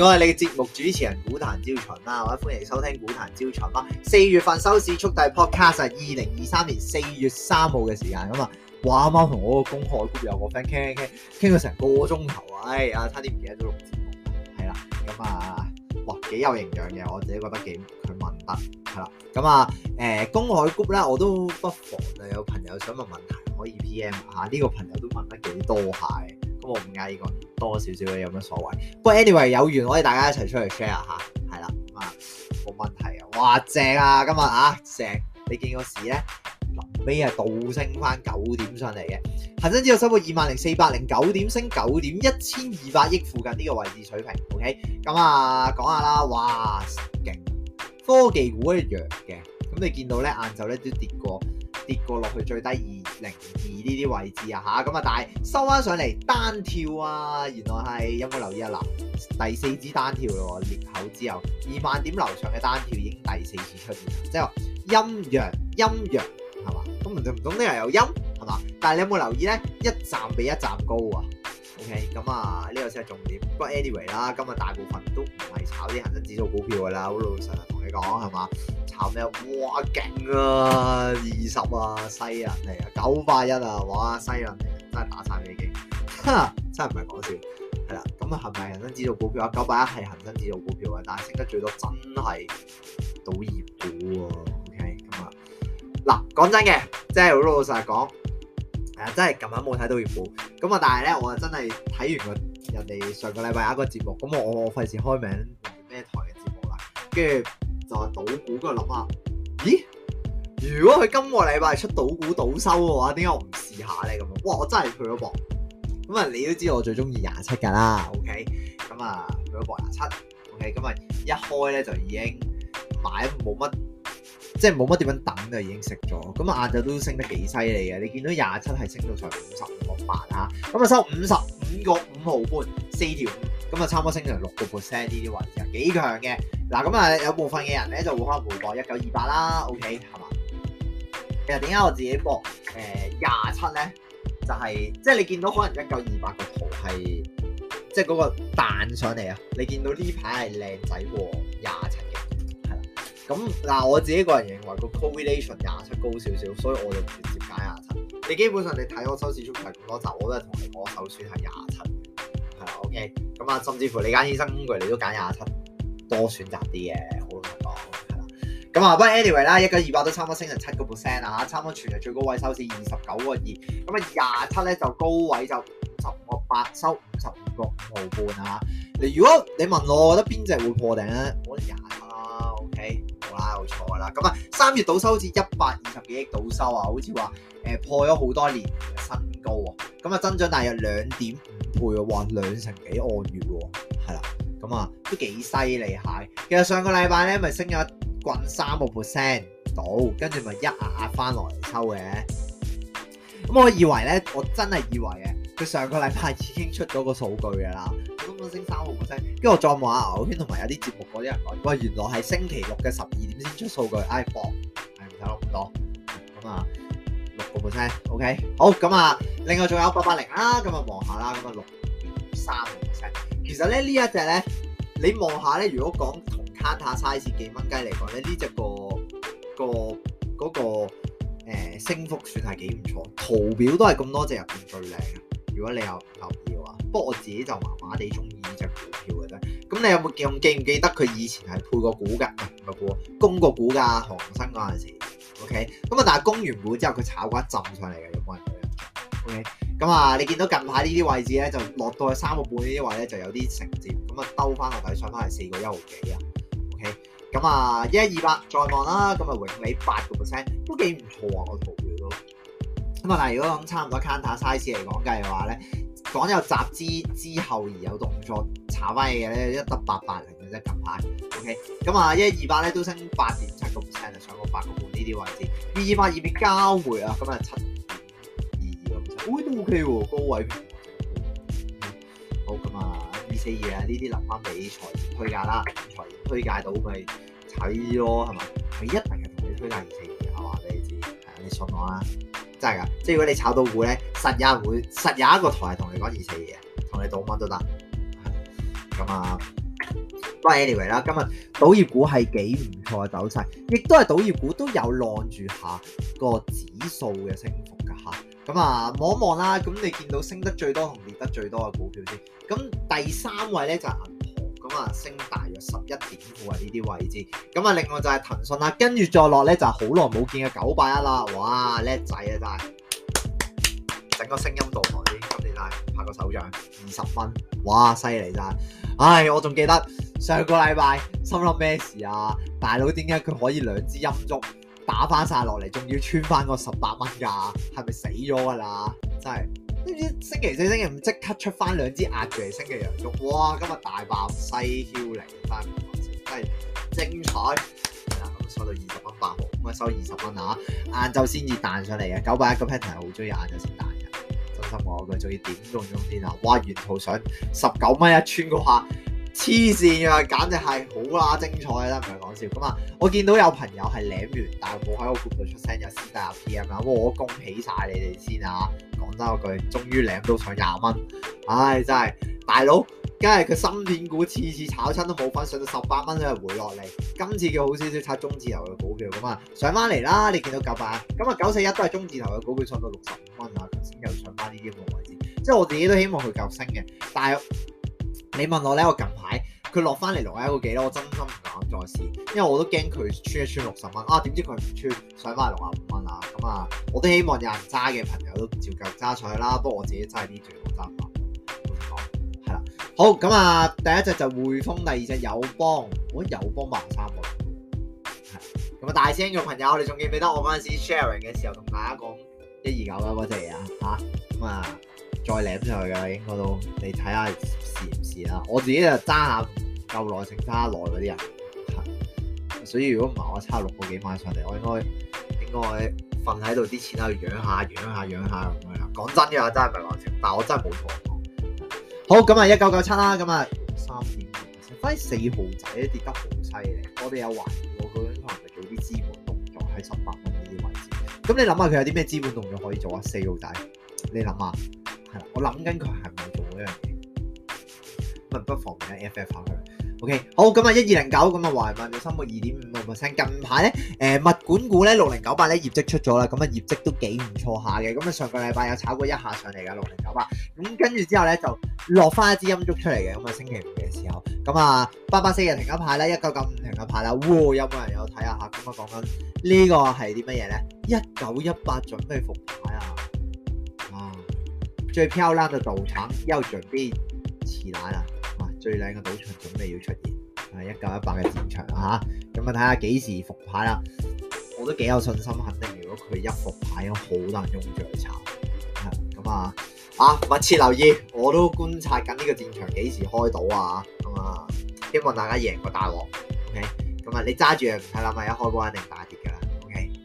我係你嘅節目主持人股壇招財貓啦，或者歡迎收聽股壇招財貓啦。四月份收市速遞 Podcast 係二零二三年四月三號嘅時間咁啊，哇！啱啱同我個公海 group 有個 friend 傾傾傾到成個鐘頭啊，唉、哎，阿差啲唔記得咗錄節目啦，係啦，咁啊，哇，幾有營養嘅，我自己覺得幾佢問得係啦，咁啊，誒、呃，公海 group 咧，我都不妨就有朋友想問問題可以 PM 下。呢、這個朋友都問得幾多下我唔嗌呢個多少少嘅，有乜所謂？不過 anyway 有緣我哋大家一齊出嚟 share 下，係啦，咁啊冇問題啊！哇正啊，今日啊正，你見個市咧，後尾係倒升翻九點上嚟嘅，恒生指數收報二萬零四百零九點，升九點一千二百億附近呢個位置水平，OK？咁、嗯、啊講下啦，哇勁！科技股一樣嘅，咁你見到咧晏晝咧都跌過。跌過落去最低二零二呢啲位置啊吓，咁啊但係收翻上嚟單跳啊，原來係有冇留意啊嗱，第四支單跳咯，裂口之後二萬點流暢嘅單跳已經第四次出現，即係話陰陽陰陽係嘛，咁唔總總之係有陰係嘛，但係你有冇留意咧，一站比一站高啊？咁啊，呢個先係重點。不過 anyway 啦，今日大部分都唔係炒啲恒生指數股票噶啦，老老實實同你講係嘛？炒咩？哇，勁啊！二十啊，西人嚟啊，九百一啊，哇，西人嚟，真係打曬你嘅機，真係唔係講笑。係啦，咁啊係咪恆生指數股票啊？九百一係恒生指數股票啊，但係升得最多真係賭業股喎，啊。OK，咁啊，嗱，講真嘅，即係老老實實講。真係琴晚冇睇到預報，咁啊，但係咧，我真係睇完個人哋上個禮拜有一個節目，咁我我我費事開名咩台嘅節目啦，跟住就話賭股，咁我諗下，咦？如果佢今個禮拜出賭股倒收嘅話，點解我唔試下咧？咁啊，哇！我真係去咗博，咁啊，你都知道我最中意廿七㗎啦，OK？咁啊，去咗博廿七，OK？咁啊，一開咧就已經買冇乜。即係冇乜點樣等就已經食咗。咁啊，晏晝都升得幾犀利嘅。你見到廿七係升到上五十五個八啊，咁啊收五十五個五毫半，四條咁啊，就就差唔多升成六個 percent 呢啲位置啊，幾強嘅。嗱咁啊，有部分嘅人咧就會可能回博一九二八啦。OK 係嘛？其實點解我自己博誒廿七咧，就係即係你見到可能一九二八個圖係即係嗰個彈上嚟啊。你見到呢排係靚仔喎廿七。咁嗱，我自己個人認為個 correlation 廿七高少少，所以我就直接揀廿七。你基本上你睇我收市速遞咁多集，我都係同你講我首選係廿七，係啦。OK，咁啊，甚至乎你揀醫生工具，你都揀廿七，多選擇啲嘅，好老實講係啦。咁啊，不過 anyway 啦，一九二八都差唔多升成七個 percent 啊，嚇，差唔多全日最高位收市二十九個二。咁啊，廿七咧就高位就五十個八，收五十五個五毫半啊。你如果你問我，我覺得邊隻會破頂咧？我廿。冇錯啦，咁啊三月倒收好似一百二十幾億倒收啊，好似話誒破咗好多年嘅新高喎，咁啊增長大約兩點五倍喎，話兩成幾按月喎，係啦，咁啊都幾犀利下，其實上個禮拜咧咪升咗近三個 percent 到，跟住咪一壓壓翻落嚟收嘅，咁我以為咧，我真係以為啊～佢上個禮拜已經出咗個數據㗎啦，咁都升三個 percent。跟住我再望下牛圈同埋有啲節目嗰啲人講，喂，原來係星期六嘅十二點先出數據，哎，搏係冇睇到咁多咁啊，六、哎、個 percent，OK、okay? 好咁啊。另外仲有八八零啦，咁啊望下啦，咁啊，六三個 percent。其實咧呢這一隻咧，你望下咧，如果講同 candle size 幾蚊雞嚟講咧，呢隻個個嗰、嗰個、欸、升幅算係幾唔錯，圖表都係咁多隻入面最靚。如果你有留意嘅話，不過我自己就麻麻地中意呢隻股票嘅啫。咁你有冇記唔記得佢以前係配過股嘅？個股供個股㗎，行新嗰陣時。OK，咁啊，但係供完股之後，佢炒過一浸上嚟嘅，有冇人理啊。OK，咁啊，你見到近排呢啲位置咧，就落到去三個半呢啲位咧，就有啲承接。咁啊，兜翻個底上翻係四個一毫幾啊。OK，咁啊，一、二、八再望啦。咁啊，永利八個 percent 都幾唔錯啊，個圖。咁啊，如果咁差唔多 counter size 嚟講計嘅話咧，講有集資之後而有動作炒翻嘢嘅咧，一得八八零嘅啫，近排、嗯。O K. 咁啊，一二八咧都升八點七個 percent，上過八個半呢啲位置。二二八要唔要交回啊？咁啊七點二二咯，會都 O K. 喎，高位。好咁啊，二四二啊，呢啲留翻俾財演推介啦，財演推介到咪踩呢啲咯，係嘛？係一定係同你推介二四二啊，話俾你知，係啊，你信我啦、啊。真係噶，即係如果你炒到股咧，實也會，實有一個台同你講二四嘢，同你賭乜都得。咁啊喂 anyway 啦，anyway, 今日賭業股係幾唔錯走勢，亦都係賭業股都有浪住下、那個指數嘅升幅㗎嚇。咁啊，望一望啦，咁你見到升得最多同跌得最多嘅股票先。咁第三位咧就係、是。升大約十一點，哇！呢啲位置咁啊，另外就係騰訊啦，跟住再落咧就係好耐冇見嘅九八一啦，哇！叻仔啊，真係整個聲音道場已經收曬，拍個手掌二十蚊，哇！犀利真係，唉，我仲記得上個禮拜心諗咩事啊？大佬點解佢可以兩支音竹打翻晒落嚟，仲要穿翻個十八蚊㗎？係咪死咗㗎啦？真係～星期四、星期五即刻出翻兩支壓住嚟星期日做？哇！今日大爆西轟嚟翻嚟，真係精彩！咁收到二十蚊八毫，咁啊收二十蚊啊！晏晝先至彈上嚟嘅，九百一個 pat 好中意晏晝先彈嘅，真心我佢仲要點中中先啊！哇！原圖上十九蚊一寸嗰客。黐線啊！簡直係好啦精彩啦，唔係講笑咁啊！我見到有朋友係領完，但係冇喺個谷度出聲，有私底入 PM 啊嘛！我恭喜晒你哋先啊！講真嗰句，終於領到上廿蚊，唉真係大佬！梗係佢芯片股次次炒親都冇份上到十八蚊，再回落嚟。今次叫好少少，拆中字頭嘅股票咁啊，上翻嚟啦！你見到夠吧？咁啊九四一都係中字頭嘅股票，上到六十五蚊啊，頭先又上翻呢啲咁嘅位置，即係我自己都希望佢夠升嘅，但係。你問我咧，我近排佢落翻嚟六廿一個幾咧，我真心唔敢再試，因為我都驚佢穿一穿六十蚊啊，點知佢唔穿上翻嚟六廿五蚊啊，咁啊，我都希望有人揸嘅朋友都照舊揸上去啦，不過我自己揸啲最好揸翻。啦、嗯，好咁啊，第一隻就匯豐，第二隻友邦，我覺得友邦賣三個。咁啊，大聲嘅朋友，你仲記唔記得我嗰陣時 sharing 嘅時候同大家講一二九九嗰隻嘢啊吓咁啊？嗯再領上去嘅，應該都你睇下試唔試啦。我自己就揸下夠耐性，揸下耐嗰啲人，所以如果唔係我差六個幾買上嚟，我應該應該瞓喺度啲錢啦，養下養下養下咁樣。講真嘅，真係唔係耐性，但我真係冇錯。好咁啊，一九九七啦，咁啊三點五七，反而四號仔跌得好犀利。我哋有懷疑過佢可能係做啲資本動作喺十八蚊呢啲位置。咁你諗下佢有啲咩資本動作可以做啊？四號仔，你諗下？我諗緊佢係唔會做呢樣嘢，咁啊不妨嘅 FF 翻去，OK 好咁啊，一二零九咁啊，壞萬你三百二點五六個 percent。近排咧，誒物管股咧六零九八咧業績出咗啦，咁啊業績都幾唔錯下嘅。咁啊上個禮拜有炒過一下上嚟噶六零九八，咁跟住之後咧就落翻一支陰燭出嚟嘅。咁啊星期五嘅時候，咁啊八八四日停一排啦，一九九五停一排啦。嗚，有冇人有睇下吓？咁啊講緊呢個係啲乜嘢咧？一九一八準備復牌啊！最漂亮嘅賭場又準備遲奶啦，最靚嘅賭場準備要出現，係、啊、一九一八嘅戰場吓，咁啊睇下幾時復牌啦，我都幾有信心，肯定如果佢一復牌，有好多人用住嚟炒，咁啊啊，啊密切留意，我都觀察緊呢個戰場幾時開到啊，咁啊希望大家贏個大鑊，咁、OK, 啊你揸住又唔使諗，咪一開波一定大跌噶啦，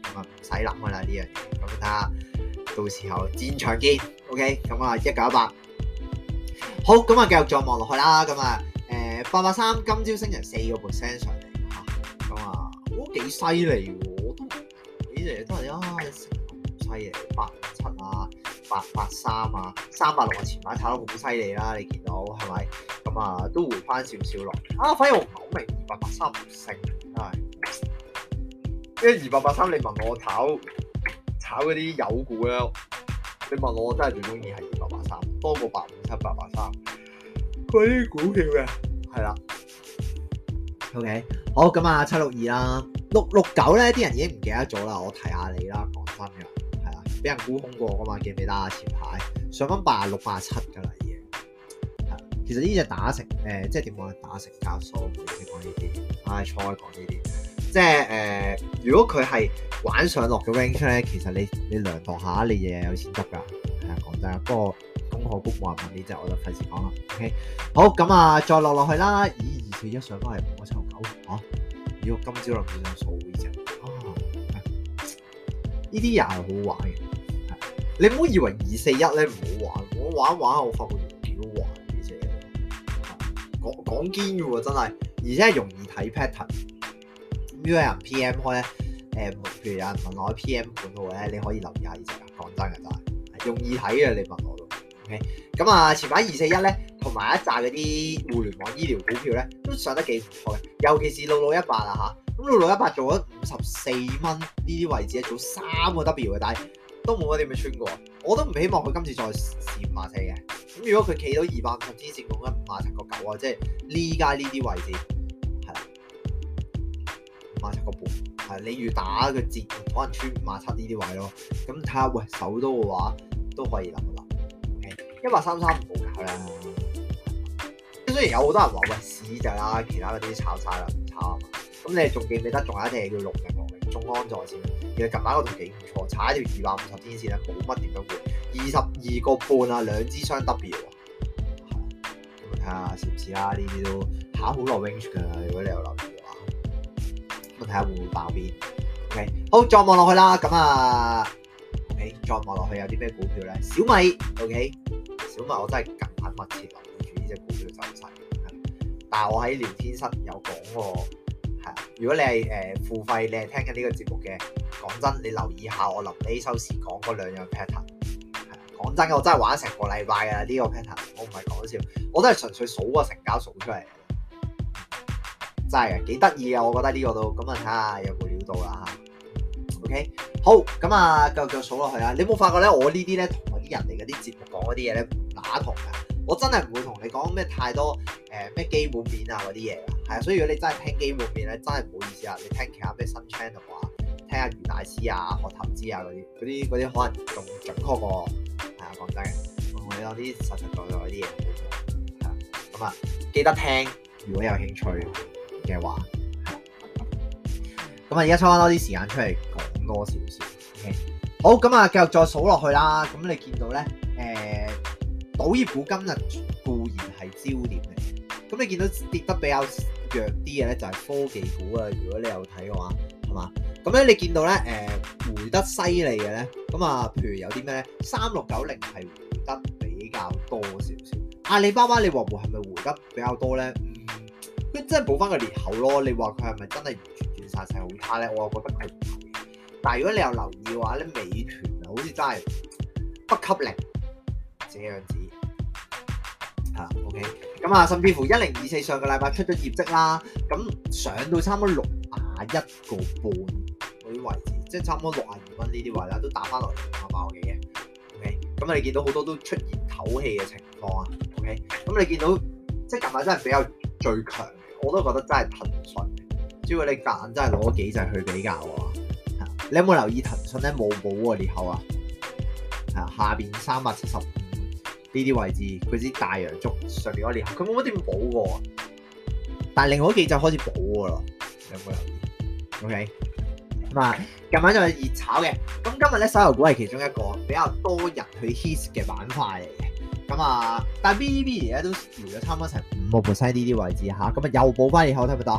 咁啊唔使諗噶啦呢樣，咁睇下到時候戰場見。OK，咁啊一九一八，好咁、呃、啊，繼續再望落去啦。咁、哦、啊，誒八八三今朝升成四個 percent 上嚟啊嘛，我都幾犀利喎，我都你哋都係啊，犀利八五七啊，八八三啊，三八六啊，前晚炒得好犀利啦，你見到係咪？咁啊都回翻少少落，啊反而我唔明二八八三唔升，係因為二八八三你問我，我炒炒嗰啲油股咧。你問我，我真係最中意係二百八三，多過八五七、百八三。關於股票嘅，係啦。OK，好咁啊，七六二啦，六六九咧，啲人已經唔記得咗啦。我提下你啦，講真嘅，係啦，俾人沽空過噶嘛，記唔記得啊？前排上翻八六、八七嘅啦已經。其實呢隻打成誒，即係點講咧？打成加數，唔好講呢啲，唉、啊，錯啦，講呢啲。即係誒、呃，如果佢係玩上落嘅 range 出咧，其實你你量度下，你日日有錢得噶。係啊，講真啊，公不過東河谷玩唔呢隻，我就費事講啦。OK，好咁啊，再落落去啦。咦，二四一上翻係五七九九，如果今朝落去張數呢隻？啊，呢啲又係好玩嘅。你唔好以為二四一咧唔好玩，我玩玩下，我發覺好玩呢隻。講講堅嘅喎，真係，而且係容易睇 pattern。如果有人 PM 我咧，誒，譬如有人問我 P.M. 盤號咧，你可以留意下呢隻，講真嘅就係容易睇嘅。你問我都 OK。咁啊，前排二四一咧，同埋一紮嗰啲互聯網醫療股票咧，都上得幾唔錯嘅。尤其是六六一八啊吓，咁六六一八做咗五十四蚊呢啲位置，做三個 W 嘅，但係都冇乜點樣穿過。我都唔希望佢今次再試五馬四嘅。咁如果佢企到二百五十天線嗰個五馬七個九啊，就是、即係呢家呢啲位置。買七個半，係你要打個折，可能穿買七呢啲位咯。咁睇下，喂，首都嘅話都可以諗一諗。一百三三唔好搞啦，okay。雖然有好多人話喂市就啦，其他嗰啲炒晒啦，唔炒。咁你仲記唔記得仲有一隻嘢叫六零六零中安在線？其實近排嗰度幾唔錯，踩條二百五十天線咧，冇乜點樣換，二十二個半啊，兩支雙 W。咁睇下是唔是啦？呢啲都下好耐 range 㗎啦，如果你有諗。睇下會唔會爆邊？OK，好，再望落去啦。咁啊，OK，再望落去有啲咩股票咧？小米，OK，小米我真係近排密切留意住呢隻股票嘅走勢。但係我喺聊天室有講過，係如果你係誒、呃、付費，你係聽緊呢個節目嘅，講真，你留意下我臨尾收市講嗰兩樣 pattern。講真嘅，我真係玩成個禮拜啊。呢、這個 pattern，我唔係講笑，我都係純粹數個成交數出嚟。真係幾得意啊！我覺得呢個都咁啊，睇下有冇料到啦嚇。OK，好，咁啊，繼續數落去啦。你冇發覺咧？我呢啲咧同啲人哋嗰啲節目講嗰啲嘢咧，唔同啊。我真係唔會同你講咩太多誒咩基本面啊嗰啲嘢噶，係啊。所以如果你真係聽基本面咧，真係唔好意思啊。你聽其他咩新 channel 啊，聽下余大師啊、學投資啊嗰啲嗰啲啲，可能仲準確過，係啊。講真嘅，同你講啲實實在在嗰啲嘢。啊，咁啊，記得聽，如果有興趣。嗯嘅話，咁啊，而家抽翻多啲時間出嚟講多少少，OK。好，咁啊，繼續再數落去啦。咁你見到咧，誒、欸，賭業股今日固然係焦點嚟嘅。咁你見到跌得比較弱啲嘅咧，就係、是、科技股啊。如果你有睇嘅話，係嘛？咁咧，你見到咧，誒、欸，回得犀利嘅咧，咁啊，譬如有啲咩咧，三六九零係回得比較多少少。阿里巴巴，你話回係咪回得比較多咧？佢真係補翻個裂口咯！你話佢係咪真係完全轉晒型好差咧？我又覺得係，但係如果你有留意嘅話咧，美團啊，好似真係不給力，這樣子嚇、啊。OK，咁啊，那甚至乎一零二四上個禮拜出咗業績啦，咁上到差唔多六啊一個半嗰啲位置，即係差唔多六啊二蚊呢啲位啦，都打翻落嚟爆爆嘅嘢。OK，咁你見到好多都出現唞氣嘅情況啊。OK，咁你見到即係近排真係比較最強。我都覺得真係騰訊，只要你揀真係攞幾隻去比較啊！你有冇留意騰訊咧冇補喎裂口啊？係下邊三百七十五呢啲位置，佢啲大洋足上邊嗰個裂口，佢冇乜點補過。但係另外幾隻開始補噶咯，你有冇留意？OK，嗱，近排就又熱炒嘅，咁今日咧石油股係其中一個比較多人去 hiss 嘅板塊嚟。咁、嗯、啊，但 BDB 而家都調咗差唔多成五個 percent 呢啲位置嚇，咁啊又補翻以後，睇唔睇得？嗱、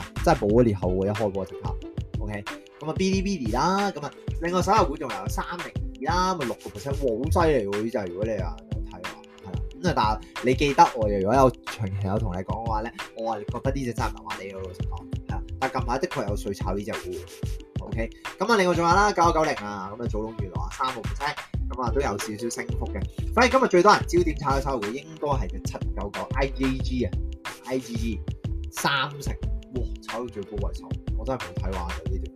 啊，真係補咗裂後喎，一開波即刻。OK，咁、嗯嗯、啊 BDBD 啦，咁、嗯、啊另外手頭股仲有三零二啦，咪六個 percent，好犀利喎就只、是，如果你啊有睇啊，係啦。咁啊但你記得喎，又如果有長期有同你講嘅話咧，我話你覺得呢隻真係麻麻哋喎老實講。啊，但近排的確有水炒呢隻股 OK，咁、嗯、啊、嗯嗯嗯嗯嗯、另外仲有啦，九九零啊，咁啊祖龍娛樂三個 percent。嗯咁啊，都有少少升幅嘅。反正今日最多人焦點炒嘅收入股，應該係隻七九九 IGG 啊，IGG 三成，哇，炒到最高位十，我真係冇睇玩就呢條。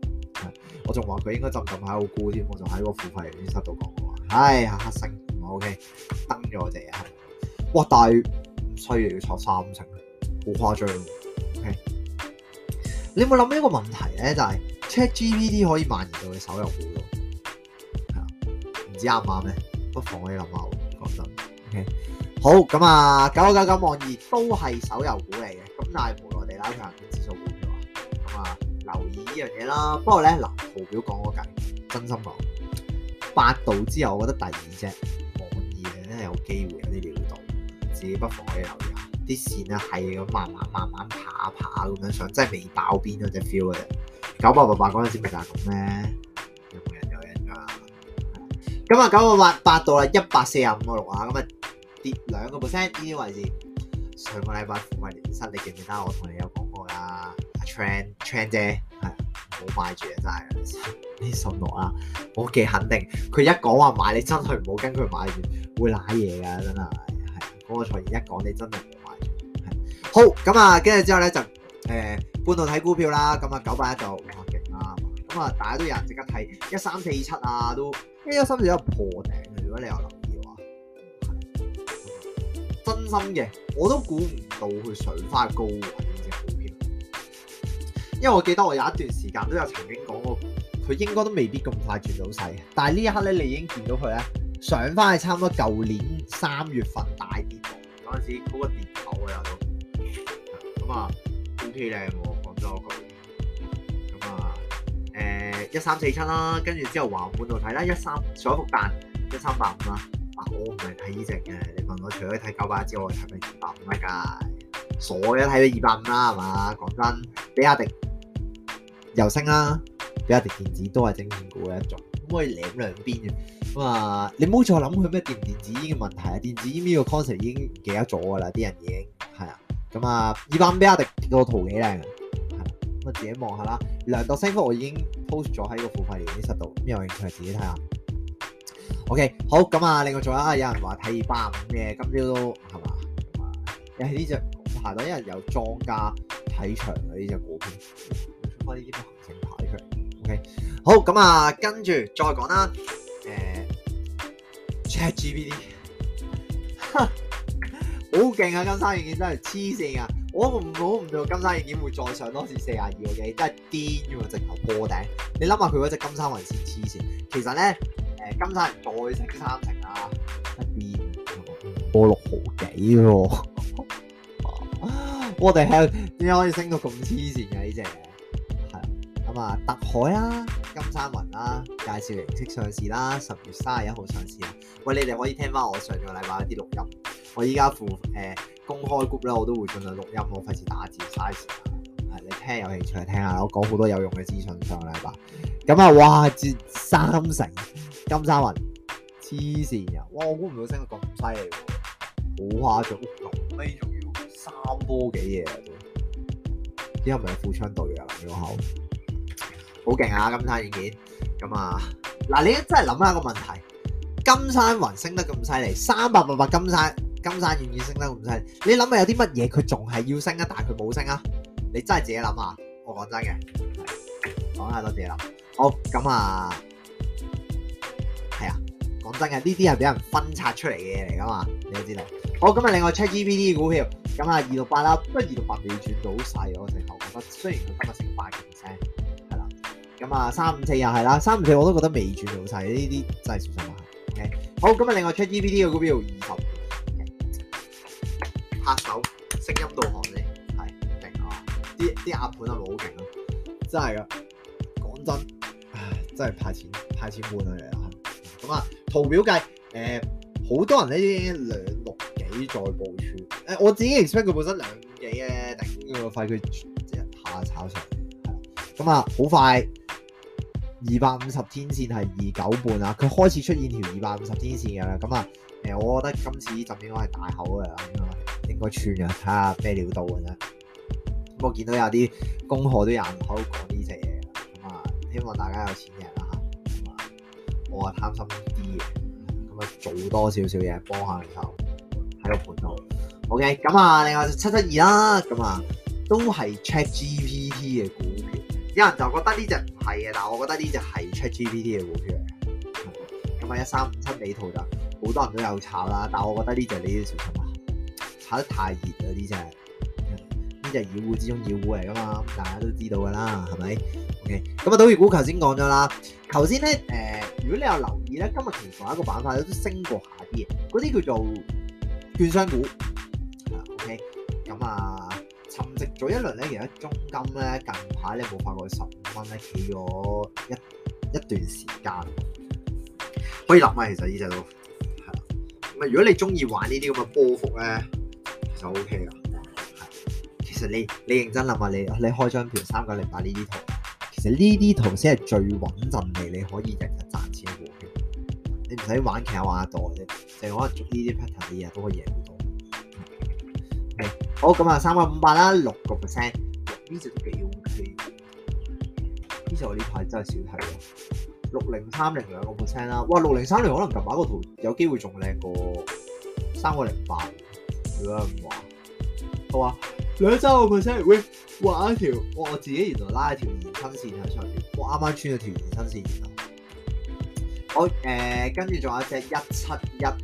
我仲話佢應該浸浸喺好高添，我仲喺個付費聊天室度講過話，黑星，唔 OK，登咗我哋啊，哇！大，係需要要坐三成，好誇張。O、OK, K，你有冇諗一個問題咧？就係 ChatGPT 可以蔓延到你手遊股咯。啱唔啱咧？不妨可以諗下喎，講真。Okay. 好咁啊，九九九網易都係手遊股嚟嘅，咁但係冇內地啦，佢係指數股票啊。咁啊，留意呢樣嘢啦。不過咧，嗱圖表講嗰計，真心講，百度之後我覺得第二隻網易咧真係有機會有啲料到，自己不妨可以留意下。啲線啊，係咁慢慢慢慢爬爬咁樣上，即係未爆邊嗰隻 feel 嘅。九八八八嗰陣時咪就係咁咩？咁啊，九個八八到啦，一百四廿五個六啊，咁啊跌兩個 percent 呢啲位置。上個禮拜股年失你記唔記得我同你有講過啦 t r e n trend 啫，係冇買住啊，trend, trend 真係呢信我啊，我幾肯定。佢一講話買，你真係唔好跟佢買住，會賴嘢啊。真係。係啊，嗰、那個財言一講，你真係唔好買。係好，咁啊，跟住之後咧就誒、欸、半導體股票啦，咁啊九百一就哇勁啦，咁啊大家都有人即刻睇一三四七啊，都。呢一心思有破頂嘅。如果你有留意嘅話，真心嘅我都估唔到佢上翻高位嘅隻股票，因為我記得我有一段時間都有曾經講過，佢應該都未必咁快轉到勢。但係呢一刻咧，你已經見到佢咧上翻係差唔多舊年三月份大跌嗰陣時嗰個跌頭啊都，咁啊 O K 靚。一三四七啦，跟住之後橫盤度睇啦，一三上一幅彈一三八五啦。嗱、啊啊，我唔係睇呢隻嘅，你問我除咗睇九百之外，係咪二百五乜嘅？傻嘅睇到二百五啦，係嘛？講真，比亞迪又升啦，比亞迪電子都係正股嘅一種，可以舐兩邊嘅咁啊。你唔好再諗佢咩電電子煙嘅問題啊，電子煙呢個 concept 已經唔記得咗㗎啦，啲人已經係啊。咁啊，二百五比亞迪、呢個圖幾靚嘅，咁啊我自己望下啦。量度升幅我已經。post 咗喺個付費聊天室度，咁有興趣自己睇下。OK，好，咁啊，另外仲有啊，有人話睇二百五嘅，今朝都係嘛？又係呢隻排到，因為有莊家睇場嘅呢隻股票，出翻呢啲行情排出嚟。OK，好，咁啊，跟住再講啦。誒 ChatGPT 好勁啊！金生，軟件真係黐線啊！我估唔到金山，已經會再上多次四廿二喎，真係癲嘅喎，直頭波頂。你諗下佢嗰隻金山雲先黐線，其實咧誒金山雲再升三成啦，啊，一癲波六毫幾喎。 我哋係點解可以升到咁黐線嘅呢隻嘢？係咁啊，特海啦，啊，金山雲啦，介紹形式上市啦，啊，十月三十一號上市啊。喂，你哋可以聽翻我上個禮拜啲錄音，我依家付誒。呃公開 group 咧，我都會盡量錄音，我費事打字嘥時間。係你聽有興趣嚟聽下，我講好多有用嘅資訊上嚟吧。咁啊，哇！跌三成，金山雲黐線啊！哇，我估唔到升得咁犀利，好誇張。呢仲要三波幾嘢，依家唔係富昌隊啊，你好，好勁啊！金山軟件，咁啊，嗱，你真係諗下個問題，金山雲升得咁犀利，三百八八金山。金山願意升得咁犀利，你諗下有啲乜嘢佢仲係要升啊？但係佢冇升啊？你真係自己諗啊，我講真嘅，講下多自己諗。好，咁啊，係啊，講真嘅呢啲係俾人分拆出嚟嘅嘢嚟噶嘛？你都知道。好，今日另外 check E b D 嘅股票，咁啊二六八啦，不過二六八未轉到好細，我直頭覺得，雖然佢今日成百幾 percent，係啦。咁啊三五四又係啦，三五四我都覺得未轉到細，呢啲真係小心啊，OK。好，今日另外 check E b D 嘅股票二十。那 268, 拍手，聲音導航先，係明啊！啲啲壓盤係咪好勁啊？真係噶，講真，唉，真係派錢派錢換嚟啊！咁啊、就是，圖表計誒、呃，好多人呢已經兩六幾再部署誒，我自己 expect 佢本身兩幾嘅定個費，佢即係一下炒上，咁啊，好快二百五十天線係二九半啊！佢開始出現條二百五十天線嘅啦，咁啊誒，我覺得今次就應該係大口嘅啦、啊。我串啊，睇下咩料到嘅啫。我見到有啲功課都有人好講呢隻嘢，咁啊，希望大家有錢嘅啦吓。咁啊，我啊貪心啲嘅，咁啊做多少少嘢幫下你手喺個盤度。OK，咁啊，另外七七二啦，咁啊都係 ChatGPT 嘅股票。有人就覺得呢隻唔係啊。但係我覺得呢隻係 ChatGPT 嘅股票。咁啊，一三五七美圖就好多人都有炒啦，但係我覺得呢隻你要小炒得太熱嗰啲真係，呢隻妖股之中妖股嚟噶嘛，咁大家都知道噶啦，係咪？OK，咁啊，賭業股頭先講咗啦，頭先咧誒，如果你有留意咧，今日其實有一個板塊都升過下啲，嗰啲叫做券商股。OK，咁啊，沉寂咗一輪咧，其實中金咧近排咧冇破過十五蚊咧，企咗一一段時間，可以立咪、啊？其實呢隻都係啦。咁啊，如果你中意玩呢啲咁嘅波幅咧，就 OK 啊！其實你你認真諗下，你你開張條三個零八呢啲圖，其實呢啲圖先係最穩陣嚟，你可以日日賺錢嘅喎。你唔使玩其他玩得多嘅啫，就可能做呢啲 pattern，你日日都可以贏到。多。嗯、好咁啊，三個五八啦，六個 percent，呢隻幾 OK。呢隻我呢排真係少睇咯。六零三零兩個 percent 啦，哇！六零三零可能近排個圖有機會仲靚過三個零八。佢、嗯、話，佢話兩週 percent 會畫一條，我自己原來拉一條延伸線喺上面。我啱啱穿咗條延伸線啊！我誒跟住仲有一隻一七一啊，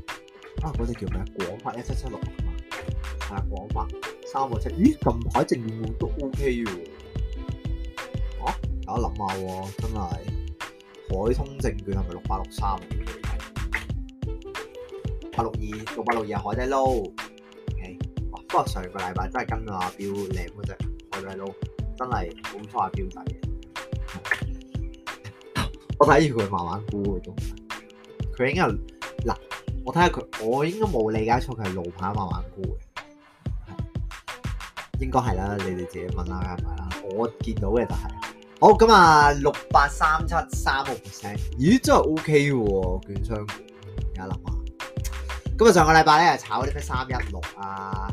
嗰隻叫咩啊，啊，廣發一七七六啊嘛，係啊，廣發三個七咦，近海證券都 O K 喎，哦、啊，等我諗下喎，真係海通證券係咪六百六三八六二六八六二海底撈？不過上個禮拜真係跟咗阿彪靚嗰隻我哋老真係好拖阿彪仔，我睇住佢慢慢估嗰種，佢應該，嗱我睇下佢，我應該冇理解錯，佢係路牌慢慢估嘅，應該係啦，你哋自己問啦，係咪啦？我見到嘅就係、是、好咁啊，六八三七三個 percent，咦，真係 OK 嘅喎，券商股，而家諗下，咁啊上個禮拜咧炒啲咩三一六啊？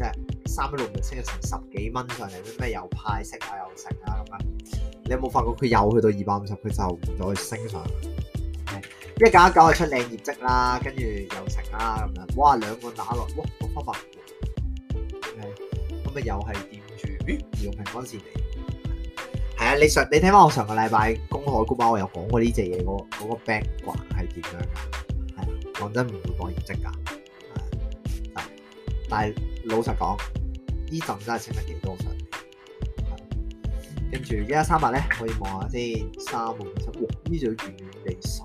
即、就是、三一六日升咗成十幾蚊上嚟，啲咩又派息啊，又成啊咁樣。你有冇發覺佢又去到二百五十，佢就再升上。一搞一搞係出靚業績啦，跟住又成啦咁樣。哇，兩個打落，哇好方便。咁咪又係掂住？咦，二個平方線嚟。係啊，你上你睇翻我上個禮拜公海股吧，我、那個那個、有講過呢隻嘢，嗰嗰個 bank 掛係點樣。係，講真唔會講業績噶。但係老實講，1, 呢陣真係升得幾多實。跟住一一三八咧，可以望下先。三五七，呢要遠遠地細。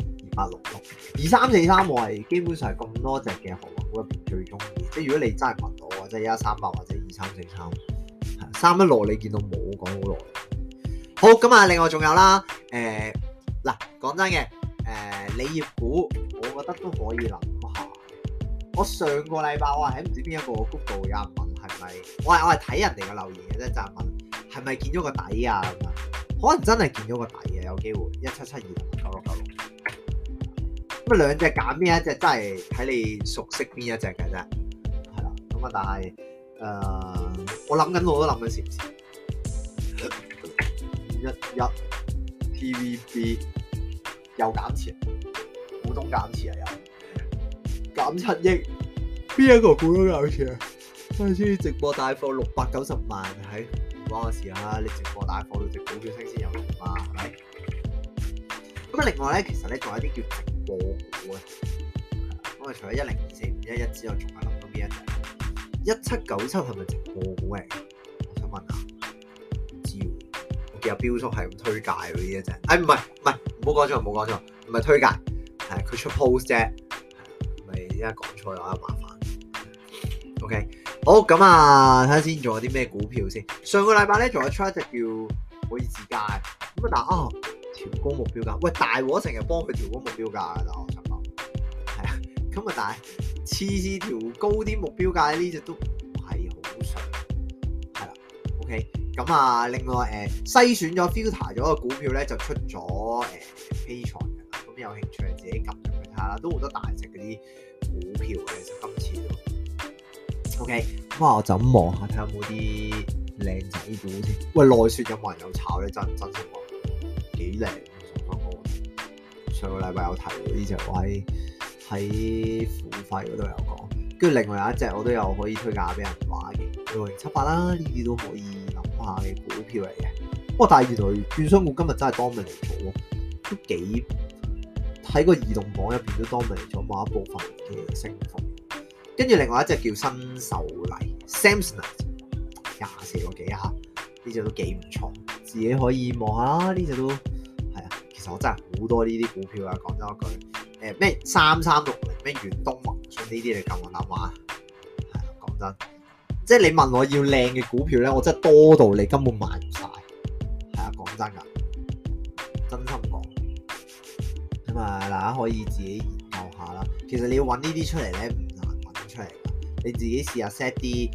二八六六，二三四三，我係基本上係咁多隻嘅航運股入邊最中意。即係如果你真係搵到嘅話，即一一三八或者二三四三。三一六，你見到冇講好耐。好，咁啊，另外仲有啦，誒、呃，嗱，講真嘅，誒，鋰業股，我覺得都可以啦。我上個禮拜我係喺唔知邊一個谷度有人 l e 問係咪，我係我係睇人哋嘅留言嘅啫，就是、問係咪見咗個底啊是是？可能真係見咗個底啊。有機會 17726, 一七七二九六九六。咁啊，兩隻揀邊一隻真係睇你熟悉邊一隻嘅啫，係啦。咁啊，但係誒，我諗緊我都諗緊時唔時，一 一 TVB 有減持，股東減持啊又。減七億，邊一個股東有錢啊？上次直播帶貨六百九十萬喺唔關我事啊！你直播帶貨都直股票升先有用啊。係咪？咁另外咧，其實咧仲有啲叫直播股啊。咁啊，除咗一零二四五一一之外，仲係諗到邊一隻？一七九七係咪直播股嚟？我想問下，唔知喎，我見阿彪叔係咁推介嗰啲一隻。哎，唔係唔係，唔好講錯，唔好講錯，唔係推介，係、啊、佢出 post 啫。而家講錯又麻煩，OK，好，咁啊，睇下先仲有啲咩股票先。上個禮拜咧仲有出一隻叫可以自戒」。咁啊但啊調、哦、高目標價，喂大和成日幫佢調高目標價噶，嗱我想講，係啊，咁啊但係次次調高啲目標價呢隻都唔係好想。係啦，OK，咁啊另外誒、呃、篩選咗 filter 咗嘅股票咧就出咗誒 Patreon，咁有興趣自己撳入去睇下啦，都好多大隻嗰啲。股票就嘅今次咯，OK，咁啊，我就咁望下睇下有冇啲靚仔股先。喂，內雪有冇人有炒咧？真真實喎，幾靚。上個禮拜有提呢隻位，喺喺付費嗰度有講，跟住另外有一隻我都有可以推介俾人玩嘅，六零七八啦，呢啲都可以諗下嘅股票嚟嘅。不過第二隊券商股今日真係多唔嚟股，都幾。喺個移動網入邊都多明咗某一部分嘅升幅，跟住另外一隻叫新秀麗 Samsonite 廿四個幾下，呢隻都幾唔錯，自己可以望下啦。呢隻都，係啊，其實我真係好多呢啲股票啊。講真一句，誒咩三三六零咩遠東物算呢啲，你咁我諗下，係啦，講真，即係你問我要靚嘅股票咧，我真係多到你根本買唔晒。係啊，講真噶，真心。咁啊，嗱可以自己研究下啦。其實你要揾呢啲出嚟咧，唔難揾出嚟㗎。你自己試下 set 啲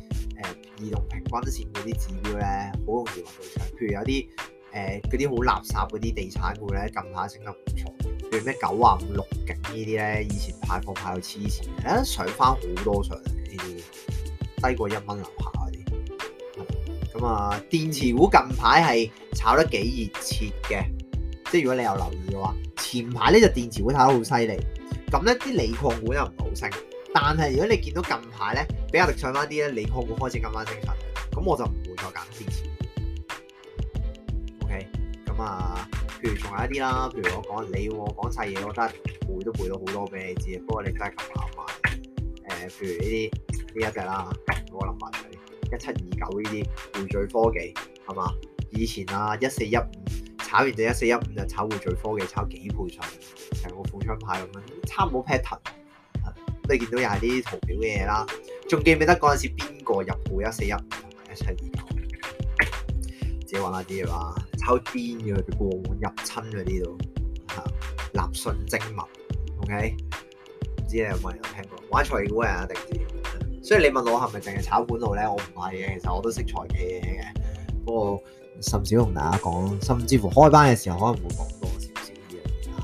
誒移動平均線嗰啲指標咧，好容易揾到出。譬如有啲誒嗰啲好垃圾嗰啲地產股咧，近排升得唔錯。譬如咩九啊五六勁呢啲咧，以前派貨派到黐線，誒上翻好多上呢啲，低過一蚊樓下嗰啲。咁啊、嗯嗯，電池股近排係炒得幾熱切嘅。即係如果你有留意嘅話，前排呢隻電池股睇得好犀利，咁咧啲鋰礦股又唔好升。但係如果你見到近排咧比較力上翻啲咧，鋰礦股開始咁翻升騰，咁我就唔會再揀電池。OK，咁、嗯、啊，譬如仲有一啲啦，譬如我講你我講晒嘢，我覺得背都背到好多俾你知，不過你真係夾硬買。誒、呃，譬如呢啲呢一隻啦，我諗埋一七二九呢啲匯聚科技係嘛？以前啊一四一五。炒完就一四一五就炒匯聚科技，炒幾倍上，成個富昌派咁樣，差唔多 pattern、啊。你見到又係啲圖表嘅嘢啦，仲記唔記得嗰陣時邊個入庫一四一五同埋一七二九， 自己玩下啲嘢啦，炒邊嘅過門入侵嗰啲度？嚇、啊、立訊精密，OK？唔知你有冇人聽過玩財股啊定點？所以你問我係咪淨係炒股路咧？我唔係嘅，其實我都識財技嘅嘢嘅，不過。甚至同大家講，甚至乎開班嘅時候可能會講多少少呢樣嘢吓，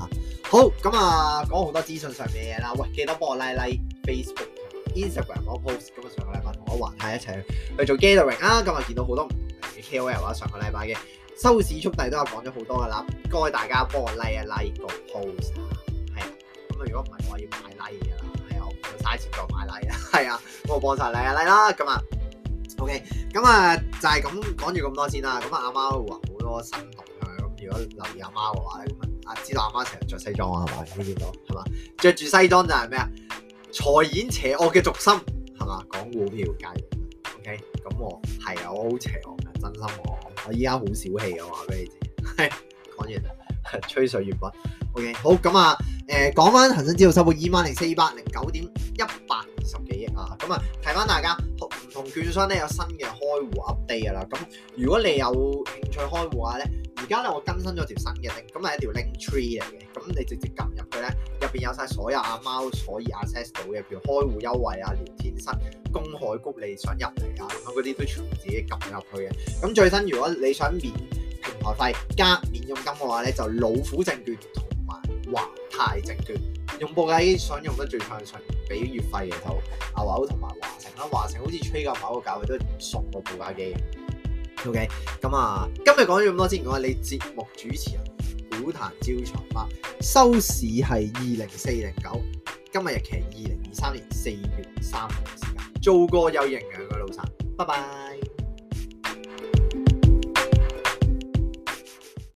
好，咁啊講好多資訊上面嘅嘢啦。喂，記得幫我 like、like, like Facebook 同 Instagram 嗰 post、嗯。今日上個禮拜同我華太一齊去做 gathering 啦、啊。今日見到好多唔同嘅 KOL 啦。上個禮拜嘅收市速遞都有講咗好多噶啦。該大家幫我 like 一 like 個 post。係啊，咁啊如果唔係我係要買 like 啦。係啊，我嘥錢再買 like 啊。係啊，我幫晒你一 like 啦。咁啊～OK，咁啊就係咁講住咁多先啦、啊。咁阿媽話好多新動向。咁如果留意阿媽嘅話咧，咁啊知道阿媽成日着西裝啊，係咪先見到係嘛？着住西裝就係咩啊？財演邪惡嘅俗心係嘛？講股票交易。OK，咁我係啊，我好邪惡嘅，真心我我依家好小氣嘅，話俾你知。係講完啦，吹水完畢。O.K. 好咁、呃、啊，誒講翻恒生資料，收報二萬零四百零九點一百二十幾億啊。咁啊，提翻大家唔同，同券商咧有新嘅開戶 update 嘅啦。咁如果你有興趣開戶嘅咧，而家咧我更新咗條新嘅 link 咁係一條 link tree 嚟嘅。咁你直接撳入去咧，入邊有晒所有阿貓所以 access 到嘅，譬如開戶優惠連前身啊、聊天室、公海谷，你想入嚟啊，咁嗰啲都全部自己撳入去嘅。咁最新如果你想免平台費加免佣金嘅話咧，就老虎證券。華泰證券用報價機，想用得最暢順，俾月費嘅就牛牛同埋華成啦。華成好似 trade 唔好個價位，都係唔熟個報價機。OK，咁、嗯、啊，今日講咗咁多，之前我係你節目主持人股壇招財，收市係二零四零九，今日日期二零二三年四月三號嘅時間，做個有營養嘅老生，拜拜。